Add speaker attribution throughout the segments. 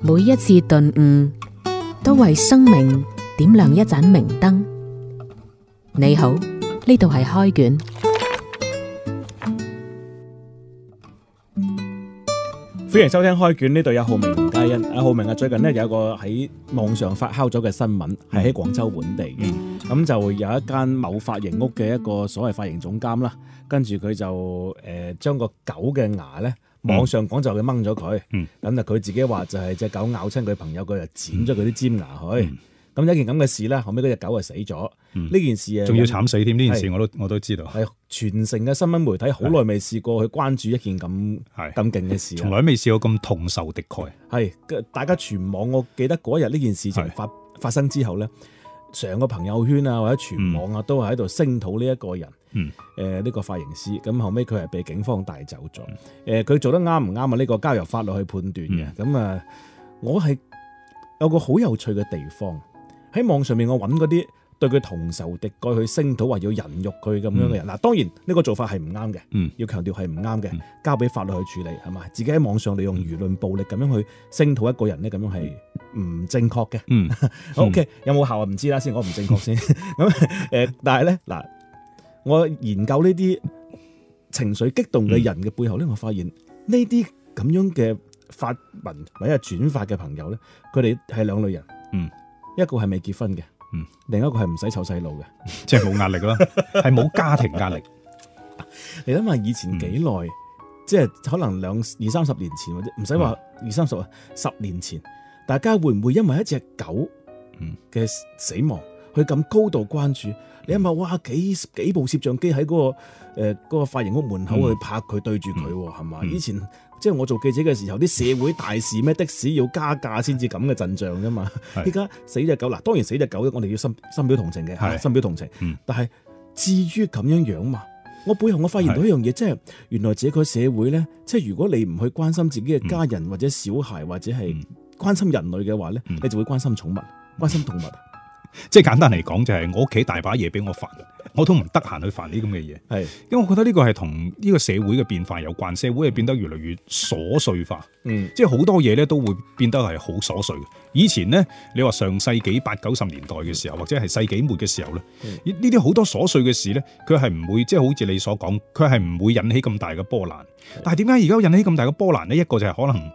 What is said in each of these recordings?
Speaker 1: 每一次頓悟，都為生命點亮一盞明燈。你好，呢度係開卷，歡迎收聽開卷。呢度有浩明同嘉欣，阿浩明啊，最近咧有一個喺網上發酵咗嘅新聞，係、嗯、喺廣州本地嘅，咁、嗯、就有一間某髮型屋嘅一個所謂髮型總監啦，跟住佢就誒、呃、將個狗嘅牙呢。嗯、網上講就佢掹咗佢，咁啊佢自己話就係隻狗咬親佢朋友，佢就剪咗佢啲尖牙去。咁、嗯、有、嗯、一件咁嘅事咧，後尾嗰隻狗係死咗。呢件事啊，仲要慘死添。呢件事我都
Speaker 2: 我都知道。係全
Speaker 1: 城嘅新聞媒體好耐未試過去關注一件咁咁勁嘅事，從來
Speaker 2: 未試過咁同
Speaker 1: 仇敵愾。係，大家全網我記得嗰日呢件事情發發生之後咧，成個朋友圈啊或者全網啊、嗯、都係喺度聲討呢一個人。嗯，誒、呃，呢、這個髮型師，咁後尾佢係被警方帶走咗。誒、嗯，佢、呃、做得啱唔啱啊？呢、這個交由法律去判斷嘅。咁、嗯、啊，我係有個好有趣嘅地方喺網上面，我搵嗰啲對佢同仇敵愾去聲討，話要人肉佢咁樣嘅人。嗱、嗯，當然呢、這個做法係唔啱嘅，嗯，要強調係唔啱嘅，交俾法律去處理，係嘛？自己喺網上利用輿論暴力咁樣去聲討一個人咧，咁樣係唔正確嘅。嗯，好、嗯、嘅， okay, 有冇效唔知啦，嗯、我先我唔正確先、嗯。咁 誒，但係咧，嗱。我研究呢啲情緒激動嘅人嘅背後咧、嗯，我發現呢啲咁樣嘅發文或者係轉發嘅朋友咧，佢哋係兩類人，嗯，一個係未結婚嘅，嗯，另一個係唔使湊細路嘅，即係冇壓力啦，係 冇家庭壓力。 你諗下以前幾耐、嗯，即係可能兩二三十年前或者唔使話二三十啊，十年前，嗯、大家會唔會因為一隻狗嘅死亡，嗯佢咁高度關注，你諗下哇幾，幾部攝像機喺嗰、嗰個誒、呃嗰個、髮型屋門口去拍佢對住佢係嘛？以前、嗯、即係我做記者嘅時候，啲社會大事咩、嗯、的士要加價先至咁嘅陣象㗎嘛。依、嗯、家死隻狗喇，當然死隻狗我哋要深，深表同情嘅，深表同情。嗯、但係至於咁樣樣嘛，我背後我發現到一樣嘢，即係原來自己個社會咧，即係如果你唔去關心自己嘅家人、嗯、或者
Speaker 2: 小孩或者係關心人類嘅話咧、嗯，你就會關心寵物，嗯、關心動物。嗯即係簡單嚟講，就係我屋企大把嘢俾我煩，我都唔得閒去煩呢咁嘅嘢。係，因為我覺得呢個係同呢個社會嘅變化有關，社會係變得越嚟越瑣碎化。嗯，即係好多嘢咧都會變得係好瑣碎。以前呢，你話上世紀八九十年代嘅時候，或者係世紀末嘅時候咧，呢啲好多瑣碎嘅事呢，佢係唔會即係好似你所講，佢係唔會引起咁大嘅波瀾。但係點解而家引起咁大嘅波瀾呢？一個就係可能。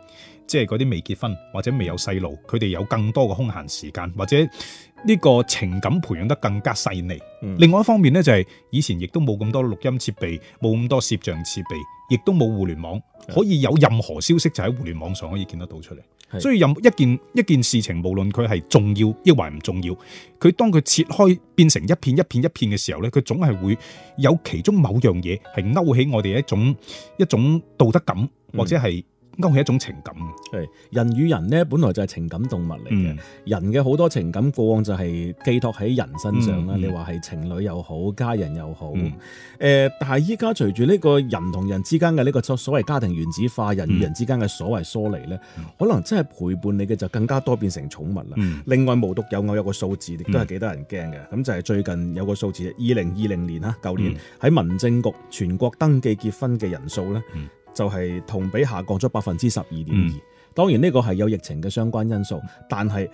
Speaker 2: 即係嗰啲未結婚或者未有細路，佢哋有更多嘅空閒時間，或者呢個情感培養得更加細膩。嗯、另外一方面呢，就係、是、以前亦都冇咁多錄音設備，冇咁多攝像設備，亦都冇互聯網，可以有任何消息就喺互聯網上可以見得到出嚟。所以任一件一件事情，無論佢係重要抑或唔重要，佢當佢切開變成一片一片一片嘅時候呢，佢總係會有其中某樣嘢係勾起我哋一種一種道德感、嗯、或者係。講係一種情感。
Speaker 1: 係人與人咧，本來就係情感動物嚟嘅，嗯。人嘅好多情感過往就係寄託喺人身上啦，嗯。你話係情侶又好，家人又好。誒、嗯呃，但係依家隨住呢個人同人之間嘅呢個所謂家庭原子化，人與人之間嘅所謂疏離咧，嗯，可能真係陪伴你嘅就更加多變成寵物啦，嗯。另外，無獨有偶有一數，有個數字亦都係幾多人驚嘅。咁、嗯、就係最近有個數字，二零二零年啦，舊年喺、嗯、民政局全國登記結婚嘅人數咧。嗯就係、是、同比下降咗百分之十二點二。嗯、當然呢個係有疫情嘅相關因素，但係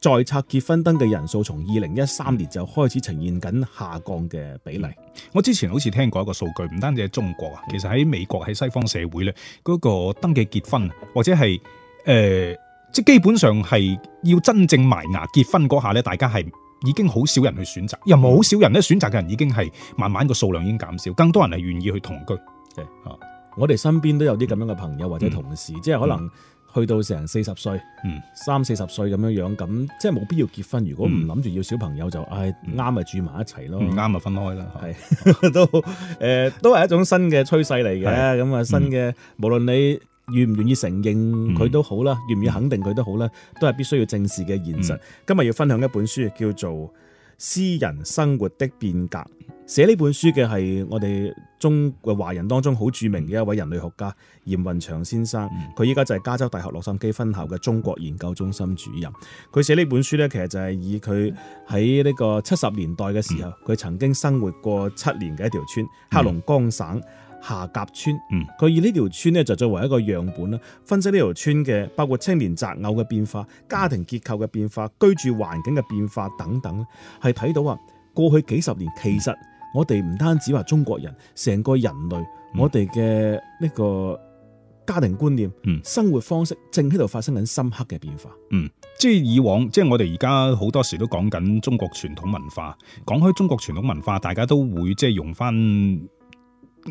Speaker 1: 在冊結婚登記人數從
Speaker 2: 二零一三年就開始呈現緊下降嘅比例。我之前好似聽過一個數據，唔單止係中國啊，其實喺美國喺西方社會咧，嗰、那個登記結婚或者係、呃、即基本上係要真正埋牙結婚嗰下咧，大家係已經好少人去選擇，又冇好少人咧選擇嘅人已經係慢慢個數量已經減少，更多人係願意去同居嘅。我哋身邊都有啲咁樣嘅朋友或者同事，嗯、即係可能
Speaker 1: 去到成四十歲，三四十歲咁樣樣，咁即係冇必要結婚。如果唔諗住要小朋友就、嗯哎嗯，就唉啱咪住埋一齊咯，啱、嗯、咪分開啦。係 都誒，都係一種新嘅趨勢嚟嘅。咁啊，新嘅、嗯、無論你願唔願意承認佢都好啦、嗯，願唔願意肯定佢都好啦，都係必須要正視嘅現實。嗯、今日要分享一本書叫做。私人生活的變革，寫呢本書嘅係我哋中國華人當中好著名嘅一位人類學家閻雲翔先生，佢依家就係加州大學洛杉磯分校嘅中國研究中心主任。佢寫呢本書呢，其實就係以佢喺呢個七十年代嘅時候，佢曾經生活過七年嘅一條村、嗯，黑龍江省。下岬村，佢以呢條村咧就作為一個樣本啦，分析呢條村嘅包括青年擇偶嘅變化、家庭結構嘅變化、居住環境嘅變化等等，係睇到啊過去幾十年，其實我哋唔單止話中國人，成個人類、嗯、我哋嘅呢個家庭觀念、嗯、生活方式
Speaker 2: 正喺度發生緊深刻嘅變化。嗯，即係以往，即係我哋而家好多時都講緊中國傳統文化。講開中國傳統文化，大家都會即係用翻。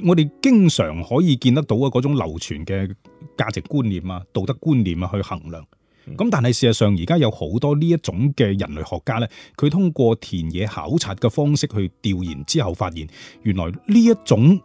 Speaker 2: 我哋經常可以見得到嘅嗰種流傳嘅價值觀念啊、道德觀念啊去衡量，咁、嗯、但係事實上而家有好多呢一種嘅人類學家咧，佢通過田野考察嘅方式去調研之後，發現原來呢一種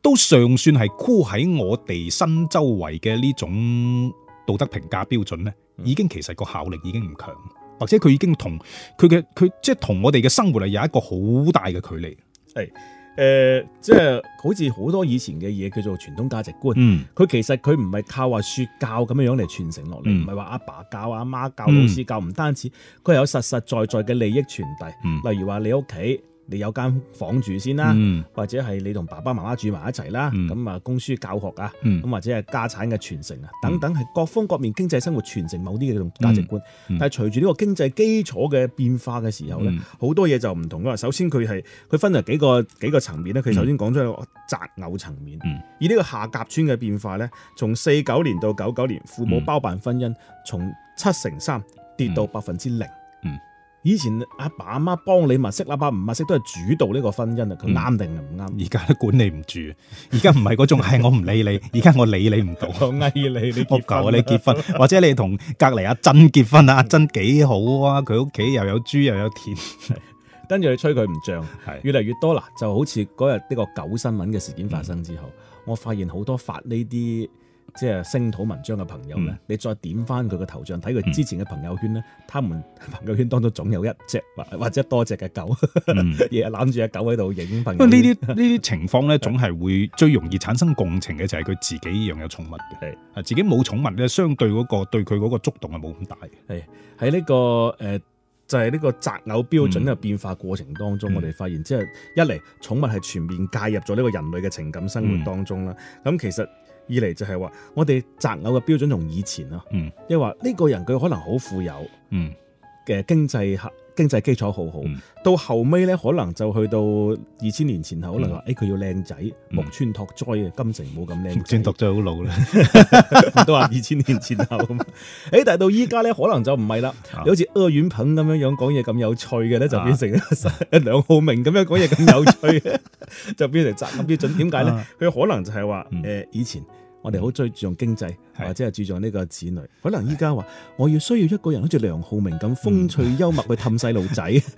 Speaker 2: 都尚算係箍喺我哋身周圍嘅呢種道德評價標準咧、嗯，已經其實個效力已經唔強，或者佢已經同佢嘅佢即係同我哋嘅生活係有一個好大嘅距離。
Speaker 1: 係。誒、呃，即係好似好多以前嘅嘢叫做傳統價值觀，佢、嗯、其實佢唔係靠話説教咁樣嚟傳承落嚟，唔係話阿爸教阿媽、媽教、老師教，唔單止佢係有實實在在嘅利益傳遞，嗯、例如話你屋企。你有間房間住先啦、啊嗯，或者係你同爸爸媽媽住埋一齊啦、啊，咁、嗯、啊供書教學啊，咁、嗯、或者係家產嘅傳承啊，嗯、等等係各方各面經濟生活傳承某啲嘅價值觀。嗯嗯、但係隨住呢個經濟基礎嘅變化嘅時候咧，好、嗯、多嘢就唔同㗎啦。首先佢係佢分咗幾個幾個層面咧，佢、嗯、首先講咗一個擇偶層面，而、嗯、呢個下甲村嘅變化咧，從四九年到九九年，父母包辦婚姻從七成三跌到百分之零。嗯以前阿爸阿媽幫你物色啦，阿爸唔物色都係主導呢個婚姻啊，佢啱定唔
Speaker 2: 啱？而家都管理唔住，而家唔係嗰種，係我唔理你，而 家我理你唔到。我威你，你屋狗你結婚， 或者你同隔籬阿珍結婚啊、嗯？阿珍幾好啊？佢屋企又有豬又有田，
Speaker 1: 跟、嗯、住你吹佢唔漲，係越嚟越多啦。就好似嗰日呢個狗新聞嘅事件發生之後，嗯、我發現好多發呢啲。即、就、係、是、星土文章嘅朋友咧、嗯，你再點翻佢個頭像睇佢之前嘅朋友圈咧、嗯，他們朋友圈當中總有一隻或或者多隻嘅狗，日日攬住隻狗喺度影。因為呢
Speaker 2: 啲呢啲情況咧， 總係會最容易產生共情嘅，就係、是、佢自己一樣有寵物嘅。係啊，自己冇寵物咧，相對嗰、那個對佢嗰個觸動係冇咁大嘅。係喺呢個誒、呃，就係、是、呢個擇
Speaker 1: 偶標準嘅變化過程當中，嗯、我哋發現即係、就是、一嚟，寵物係全面介入咗呢個人類嘅情感生活當中啦。咁、嗯、其實。二嚟就係話，我哋擇偶嘅標準同以前咯，即係話呢個人佢可能好富有嘅經濟經濟基礎好好、嗯，到後尾咧可能就去到二千年前後，嗯、可能話誒佢要靚仔木村拓哉啊、嗯，金城冇咁靚，木村拓哉好老啦， 都話二千年前後。誒， 但係到依家咧可能就唔係啦，啊、好似阿阮鵬咁樣樣講嘢咁有趣嘅咧，就變成梁浩明咁樣講嘢咁有趣，啊、 就變成擇偶標準。點解咧？佢、啊、可能就係話誒以前。我哋好追注重經濟，或者係注重呢個子女。可能依家話，我要需要一個人好似梁浩明咁風趣幽默去氹細路仔。
Speaker 2: 即、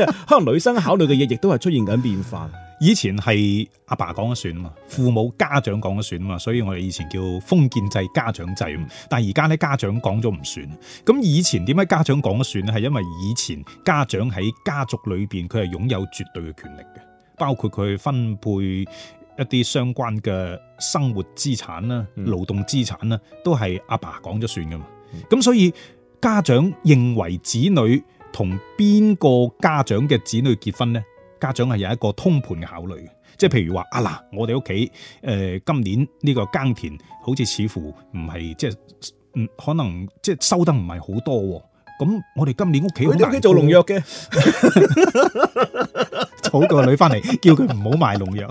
Speaker 2: 嗯、係 可能女生考慮嘅嘢，亦都係出現緊變化。以前係阿爸講咗算啊嘛，父母家長講咗算啊嘛，所以我哋以前叫封建制家長制。但係而家咧，家長講咗唔算。咁以前點解家長講咗算咧？係因為以前家長喺家族裏邊，佢係擁有絕對嘅權力嘅，包括佢分配。一啲相關嘅生活資產啦、勞動資產啦、嗯，都係阿爸講咗算噶嘛。咁、嗯、所以家長認為子女同邊個家長嘅子女結婚咧，家長係有一個通盤嘅考慮嘅。即、嗯、係譬如話啊嗱，我哋屋企誒今年呢個耕田好似似乎唔係即係，嗯，可能即係收得唔係好多啊。咁我哋今年屋企我哋做農藥嘅。 好個女翻嚟，叫佢唔好賣農藥。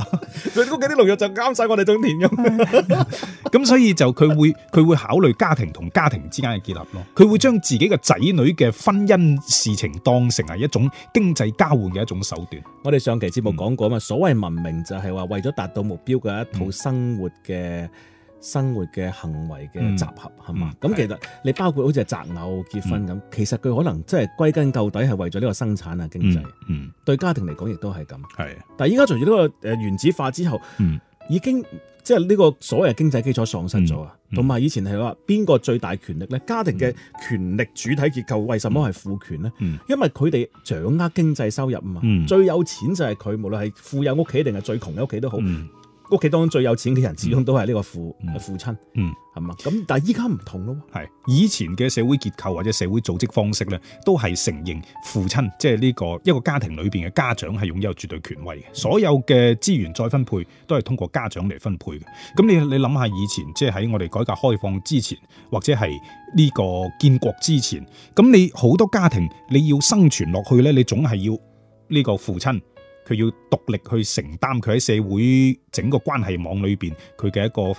Speaker 1: 佢屋企啲農藥就啱晒我哋種田用嘅。
Speaker 2: 咁 所以就佢會佢會考慮家庭同家庭之間嘅結合咯。佢會將自己嘅仔女嘅婚姻事情當成係一種經濟交換嘅一種手段。我哋上期節目講過啊嘛、嗯，所謂文明就係話為
Speaker 1: 咗達到目標嘅一套生活嘅。嗯生活嘅行為嘅集合係嘛？咁、嗯嗯、其實你包括好似係擇偶結婚咁、嗯，其實佢可能即係歸根究底係為咗呢個生產啊經濟嗯。嗯，對家庭嚟講亦都係咁。係、嗯，但係依家隨住呢個誒原子化之後，嗯、已經即係呢個所謂的經濟基礎喪失咗啊。同、嗯、埋、嗯、以，以前係話邊個最大權力咧？家庭嘅權力主體結構為什麼係父權咧、嗯？因為佢哋掌握經濟收入啊嘛、嗯。最有錢就係佢，無論係富有屋企定係最窮嘅屋企都好。嗯屋企當中最有錢嘅人始終都係呢個父父親，係、嗯、嘛？咁、嗯、但係依家唔
Speaker 2: 同咯，係以前嘅社會結構或者社會組織方式咧，都係承認父親即係呢個一個家庭裏邊嘅家長係擁有絕對權威嘅，所有嘅資源再分配都係通過家長嚟分配嘅。咁你你諗下以前，即係喺我哋改革開放之前，或者係呢個建國之前，咁你好多家庭你要生存落去咧，你總係要呢個父親。佢要獨立去承擔佢喺社會整個關係網裏面，佢嘅一個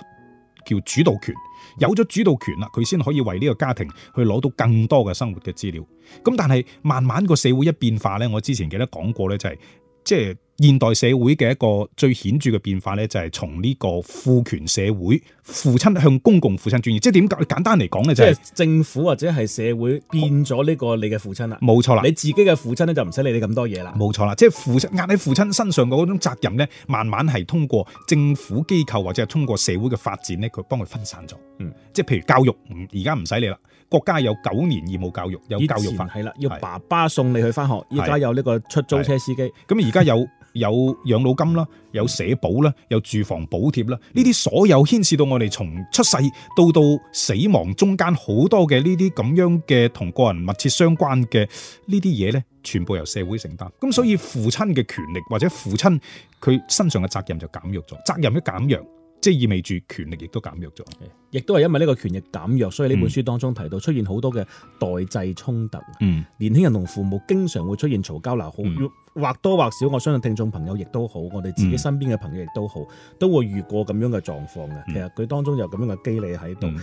Speaker 2: 叫主導權，有咗主導權啦，佢先可以為呢個家庭去攞到更多嘅生活嘅資料。咁但係慢慢個社會一變化呢，我之前記得講過呢，就係即係。現代社會嘅一個最顯著嘅變化咧，就係從呢個父權社會，父親向公共父親轉移。即係點解？簡單嚟講咧，就係
Speaker 1: 政府或者係社會變咗呢個你嘅父親啦。哦，冇錯啦，你自己嘅父
Speaker 2: 親咧就唔使理你咁多嘢啦。冇錯啦，即係父親壓喺父親身上嘅嗰種責任咧，慢慢係通過政府機構或者係通過社會嘅發展咧，佢幫佢分散咗，嗯。即係譬如教育，而家唔使理啦。國家有九年義務教育，有教育法。係啦，要爸爸送你去返學。依家有呢個出租車司機。咁而家有。 有養老金啦，有社保啦，有住房補貼啦，呢啲所有牽涉到我哋從出世到到死亡中間好多嘅呢啲咁樣嘅同個人密切相關嘅呢啲嘢呢，全部由社會承擔。咁所以父親嘅權力或者父親佢身上嘅責任就減弱咗，責任一減弱，即係意味住權力亦都減弱咗，亦都係因為呢個權力減弱，
Speaker 1: 所以呢本書當中提到出現好多嘅代際衝突。嗯，年輕人同父母經常會出現嘈交，嗱，好、嗯、或多或少，我相信聽眾朋友亦都好，我哋自己身邊嘅朋友亦都好、嗯，都會遇過咁樣嘅狀況嘅。其實佢當中有咁樣嘅機理喺度。誒、嗯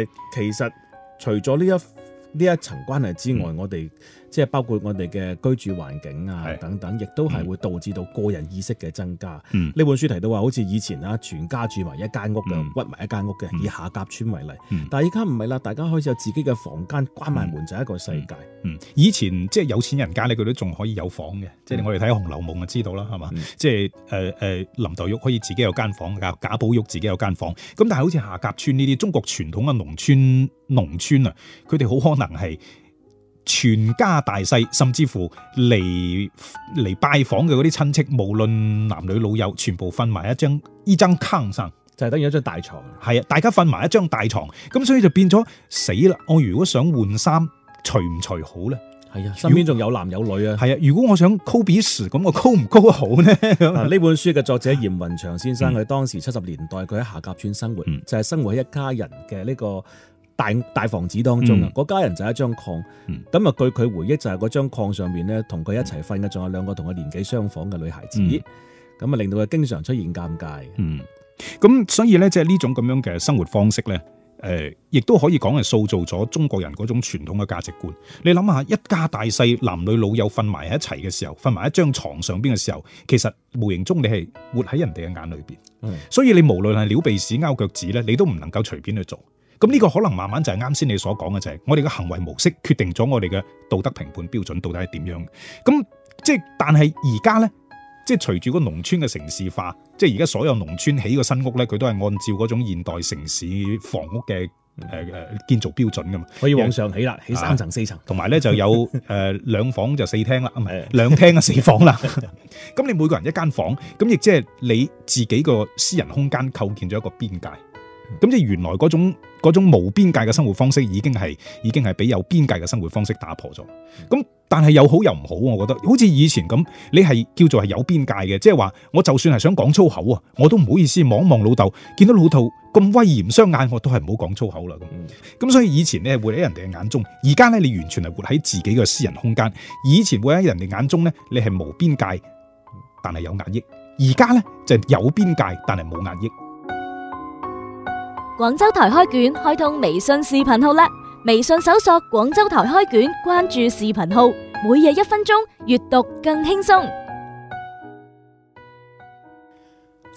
Speaker 1: 呃，其實除咗呢一呢一層關係之外，嗯、我哋。即係包括我哋嘅居住環境啊等等，亦都係會導致到個人意識嘅增加。呢、嗯、本書提到話，好似以前啊，全家住埋一間屋嘅、嗯，屈埋一間屋嘅、嗯，以下甲村為例。嗯、但係而家唔係啦，大家開始有自己嘅房間關，關埋門就係、一個世界。嗯
Speaker 2: 嗯、以前即係、就是、有錢人家咧，佢都仲可以有房嘅，即、嗯、係、就是、我哋睇下《紅樓夢》就知道啦，係、嗯、嘛？即係誒誒林黛玉可以自己有間房㗎，賈寶玉自己有間房。咁但係好似下甲村呢啲中國傳統嘅農村，農村啊，佢哋好可能係。全家大細，甚至乎嚟嚟拜訪嘅嗰啲親戚，無論男女老幼，全部瞓埋一張呢張炕上就係、是、等於一張大床。係啊，大家瞓埋一張大床，咁所以就變咗死啦。我如果想換衫，除唔除好咧？係啊，身邊仲有男有女啊。係啊，如果我想 cover 住咁我 cover 唔 cover 好呢？呢
Speaker 1: 本書嘅作者閻雲翔先生，佢當時七十年代佢喺下甲村生活，嗯、就係、是、生活喺一家人嘅呢、這個。大大房子當中啊，嗰、嗯、家人就一張炕，咁、嗯、啊據佢回憶就係嗰張炕上面，咧、嗯，同佢一齊瞓嘅仲有兩個同佢年紀相仿嘅女孩子，咁、嗯、啊令到佢經常出現
Speaker 2: 尷尬。嗯，咁所以咧即係呢種咁樣嘅生活方式咧，誒、呃，亦都可以講係塑造咗中國人嗰種傳統嘅價值觀。你諗下一家大細男女老幼瞓埋喺一齊嘅時候，瞓埋一張床上邊嘅時候，其實無形中你係活喺人哋嘅眼裏邊、嗯，所以你無論係撩鼻屎、拗腳趾咧，你都唔能夠隨便去做。咁呢個可能慢慢就係啱先你所講嘅，就係、是、我哋嘅行為模式決定咗我哋嘅道德評判標準到底係點樣。咁即係，但係而家咧，即係隨住個農村嘅城市化，即係而家所有農村起個新屋咧，佢都係按照嗰種現代城市房屋嘅、誒誒建造標準噶嘛。可以往上起啦，起三層四層，同埋咧就有誒兩、 呃、房就四廳啦，兩廳啊四房啦。咁 你每個人一間房，咁亦即係你自己個私人空間構建咗一個邊界。咁即係原來嗰種嗰種無邊界嘅生活方式已經係已經係俾有邊界嘅生活方式打破咗。咁但係又好又唔好，我覺得好似以前咁，你係叫做係有邊界嘅，即係話我就算係想講粗口啊，我都唔好意思望望老豆，見到老豆咁威嚴雙眼，我都係唔好講粗口啦。咁咁所以以前你係活喺人哋嘅眼中，而家咧你完全係活喺自己嘅私人空間。以前活喺人哋眼中咧，你係無邊界，但係有壓抑；而家咧就係有邊界，但係冇壓抑。
Speaker 1: 廣州台開卷開通微信視頻號啦！微信搜索廣州台開卷，關注視頻號，每日一分鐘，閱讀更輕鬆。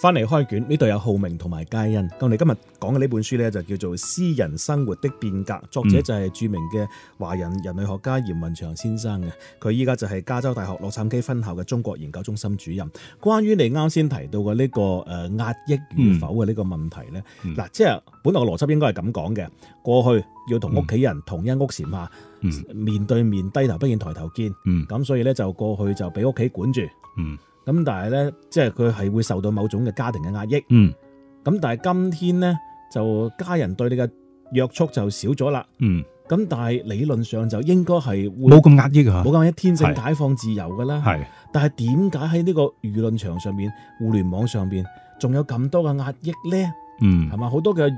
Speaker 1: 翻嚟開卷呢度有浩明同埋佳欣，咁我哋今日講嘅呢本書呢，就叫做《私人生活的變革》，作者就係著名嘅華人人類學家閻雲翔先生嘅，佢依家就係加州大學洛杉磯分校嘅中國研究中心主任。關於你啱先提到嘅呢、這個誒壓、呃、抑與否嘅呢個問題呢，嗱、嗯，即、嗯、係本來個邏輯應該係咁講嘅，過去要同屋企人同一屋檐下、嗯，面對面低頭不見抬頭見，咁、嗯、所以呢就過去就俾屋企管住。嗯。咁但係咧，即係佢係會受到某種嘅家庭嘅壓抑。嗯。咁但係今天咧，就家人對你嘅約束就少咗啦。嗯。咁但係理論上就應該係冇咁壓抑嘅，冇咁一天性解放自由嘅啦。係。但係點解喺呢個輿論場上面、互聯網上邊，仲有咁多嘅壓抑咧？嗯。係嘛？好多嘅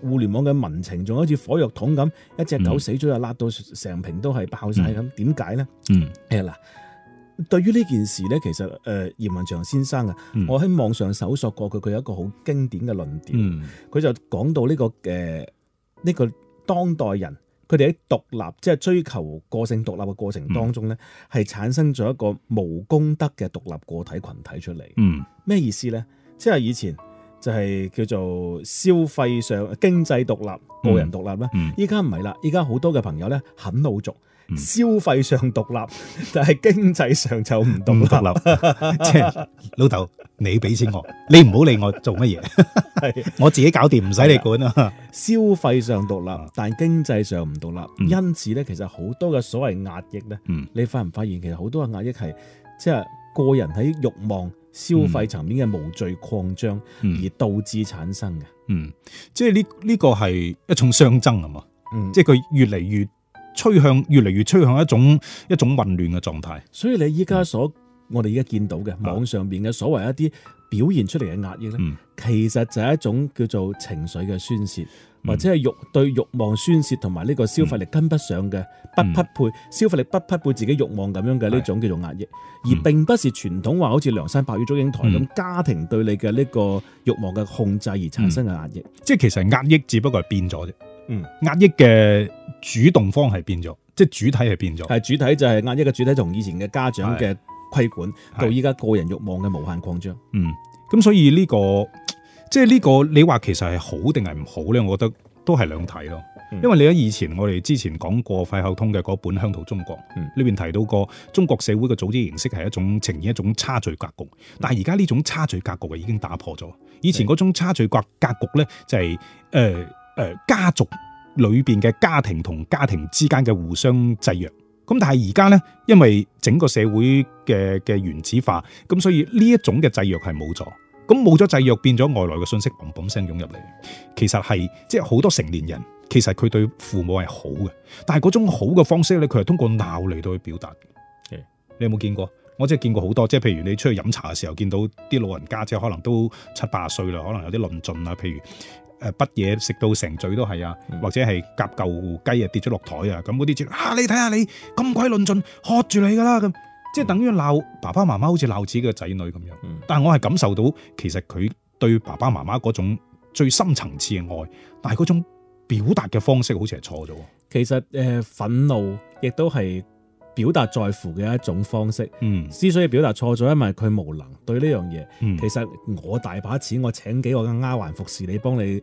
Speaker 1: 互聯網嘅民情，仲好似火藥桶咁，一隻狗死咗就甩到成瓶都係爆晒咁，點解
Speaker 2: 咧？
Speaker 1: 嗯。誒嗱。嗯對於呢件事咧，其實誒閻、呃、雲翔先生啊、嗯，我喺網上搜索過佢，佢有一個好經典嘅論點，佢、嗯、就講到呢、這個誒呢、呃這個當代人，佢哋喺獨立即係、就是、追求個性獨立嘅過程當中咧，係、嗯、產生咗一個無公德嘅獨立個體群體出嚟。嗯，咩意思咧？即係以前就係叫做消費上經濟獨立、個人獨立啦。嗯，依家唔係啦，依家好多嘅朋友咧很老俗。嗯、消費上獨立，就係
Speaker 2: 經濟上就唔獨立。獨立 即係老豆，你俾錢我， 你唔好理我做乜嘢。係 我自己搞掂，唔使你管啊。消費上獨立，
Speaker 1: 但經濟上唔獨立、嗯。因此咧，其實好多嘅所謂壓抑咧、嗯，你發唔發現？其實好多嘅壓抑係即係個人喺欲望消費層面嘅無序擴
Speaker 2: 張而導致產生嘅。嗯，即係呢呢個係一重相爭，係嘛、嗯？即係佢越嚟越。趨向越嚟越趨向一種一種混亂嘅狀態，
Speaker 1: 所以你依家所、嗯、我哋依家見到嘅網上邊嘅所謂一啲表現出嚟嘅壓抑咧、嗯，其實就係一種叫做情緒嘅宣泄、嗯，或者係欲對欲望宣泄，同埋呢個消費力跟不上嘅、嗯、不匹配，消費力不匹配自己欲望咁樣嘅呢種叫做壓抑、嗯，而並不是傳統話好似梁山伯與祝英台咁、嗯，家庭對你嘅呢
Speaker 2: 個欲望嘅控制而產生嘅壓抑，嗯嗯、即係其實壓抑只不過係變咗啫，嗯，壓抑嘅。主動方係變咗，即係主體係變咗。係主體就係壓抑嘅主體，同以前嘅家長嘅規管，到依家個人慾望嘅無限擴張。嗯，咁所以呢個即係呢個，個你話其實係好定係唔好咧？我覺得都係兩睇咯。因為你喺以前，我哋之前講過費孝通嘅嗰本《鄉土中國》，嗯，裏邊提到過中國社會嘅組織形式係一種呈現一種差序格局。但係而家呢種差序格局嘅已經打破咗，以前嗰種差序格格局咧就係誒誒家族。裏邊嘅家庭同家庭之間嘅互相制約，咁但係而家呢，因為整個社會嘅嘅原子化，咁所以呢一種嘅制約係冇咗，咁冇咗制約變咗外來嘅信息，砰砰聲湧入嚟，其實係即係好多成年人其實佢對父母係好嘅，但係嗰種好嘅方式呢，佢係通過鬧嚟到去表達嘅。Yeah. 你有冇見過？我即係見過好多，即係譬如你出去飲茶嘅時候，見到啲老人家即係可能都七八十歲啦，可能有啲論盡啦，譬如。誒筆嘢食到成嘴都係啊，或者係夾嚿雞啊跌咗落台啊，咁嗰啲住嚇你睇下，你咁鬼論盡，喝住你㗎啦咁，即係等於鬧爸爸媽媽好似鬧自己嘅仔女咁樣。但係我係感受到其實佢對爸爸媽媽嗰種最深層次嘅愛，但係嗰種表達嘅方式好似係錯咗。其實誒、呃、憤怒亦都係。表達在乎嘅一種
Speaker 1: 方式，之所以表達錯咗，因為佢無能對呢樣嘢。其實我大把錢，我請幾個丫鬟服侍你，幫你，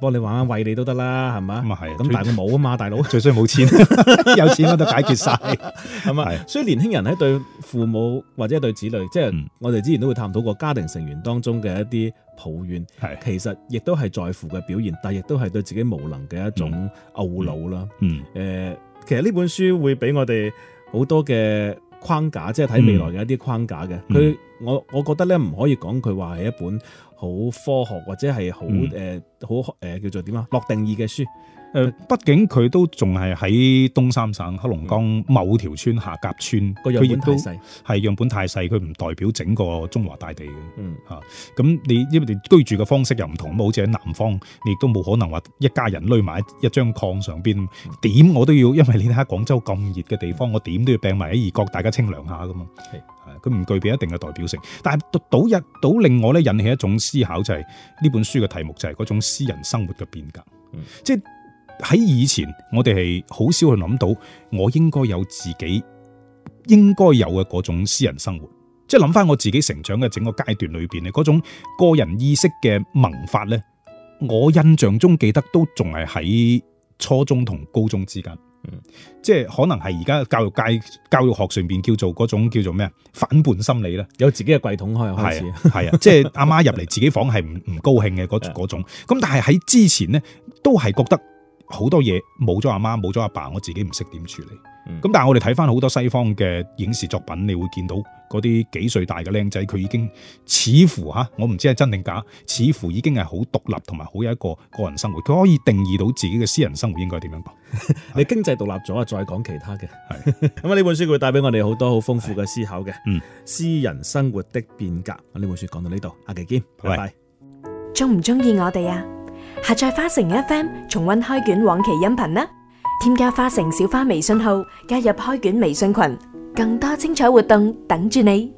Speaker 1: 幫、嗯、你玩慢喂你都得啦，係咪？咁但係佢冇啊嘛，
Speaker 2: 大佬最衰冇錢， 有錢我都解決
Speaker 1: 晒，係 嘛？所以年輕人喺對父母或者對子女，即、就、係、是、我哋之前都會探討過家庭成員當中嘅一啲抱怨，是其實亦都係在乎嘅表現，但亦都係對自己無能嘅一種懊惱啦。誒、嗯。嗯嗯呃其實呢本書會俾我哋好多嘅框架，即係睇未來嘅一啲框架嘅。佢、嗯、我我覺得咧，唔可以講佢話係一本
Speaker 2: 好科學或者係好誒。嗯好誒、呃、叫做點啊？落定義嘅書誒、呃，畢竟佢都仲係喺東三省黑龍江某條村、嗯、下岬村，佢亦都係樣、嗯、本太細，佢唔代表整個中華大地嘅。嗯嚇，咁、啊、你因為你居住嘅方式又唔同，好似喺南方，你亦都冇可能話一家人攏埋一張炕上邊點、嗯、我都要，因為你睇下廣州咁熱嘅地方，嗯、我點都要病埋喺異國，大家清涼下噶嘛。係，佢、啊、唔具備一定嘅代表性，但係倒入倒令我咧引起一種思考、就係，就係呢本書嘅題目就係嗰種。私人生活嘅變革，嗯、即係喺以前，我哋係好少去諗到，我應該有自己應該有嘅嗰種私人生活。即係諗翻我自己成長嘅整個階段裏邊咧，嗰種個人意識嘅萌發咧，我印象中記得都仲係喺初中同高中之間。嗯，即係可能係而家教育界、教育學上邊叫做嗰種叫做咩反叛心理啦，有自己嘅櫃桶開始開始，係啊，係啊 即係阿媽入嚟自己房係唔唔高興嘅嗰嗰種。咁但係喺之前咧，都係覺得好多嘢冇咗阿媽冇咗阿爸，我自己唔識點處理。咁、嗯、但係我哋睇返好多西方嘅影視作品，你會見到。嗰啲幾歲大嘅靚仔，佢已經似乎吓，我唔知係真定假，似乎已經係好獨立同埋好有一個個人生活，佢可以定義到自己嘅私人生活應該點樣過。
Speaker 1: 你經濟獨立咗啊，再講其他嘅。
Speaker 2: 係咁啊，呢本書會帶俾我哋好多好
Speaker 1: 豐富嘅思考嘅。嗯，私人生活的變革呢本書講到呢度，下期見，拜拜。
Speaker 2: 中唔中意我哋啊？下載花城 FM 重溫開卷往期音頻啦，添加花城小花微信號，加入開卷微信群。更多精彩活動，等着你。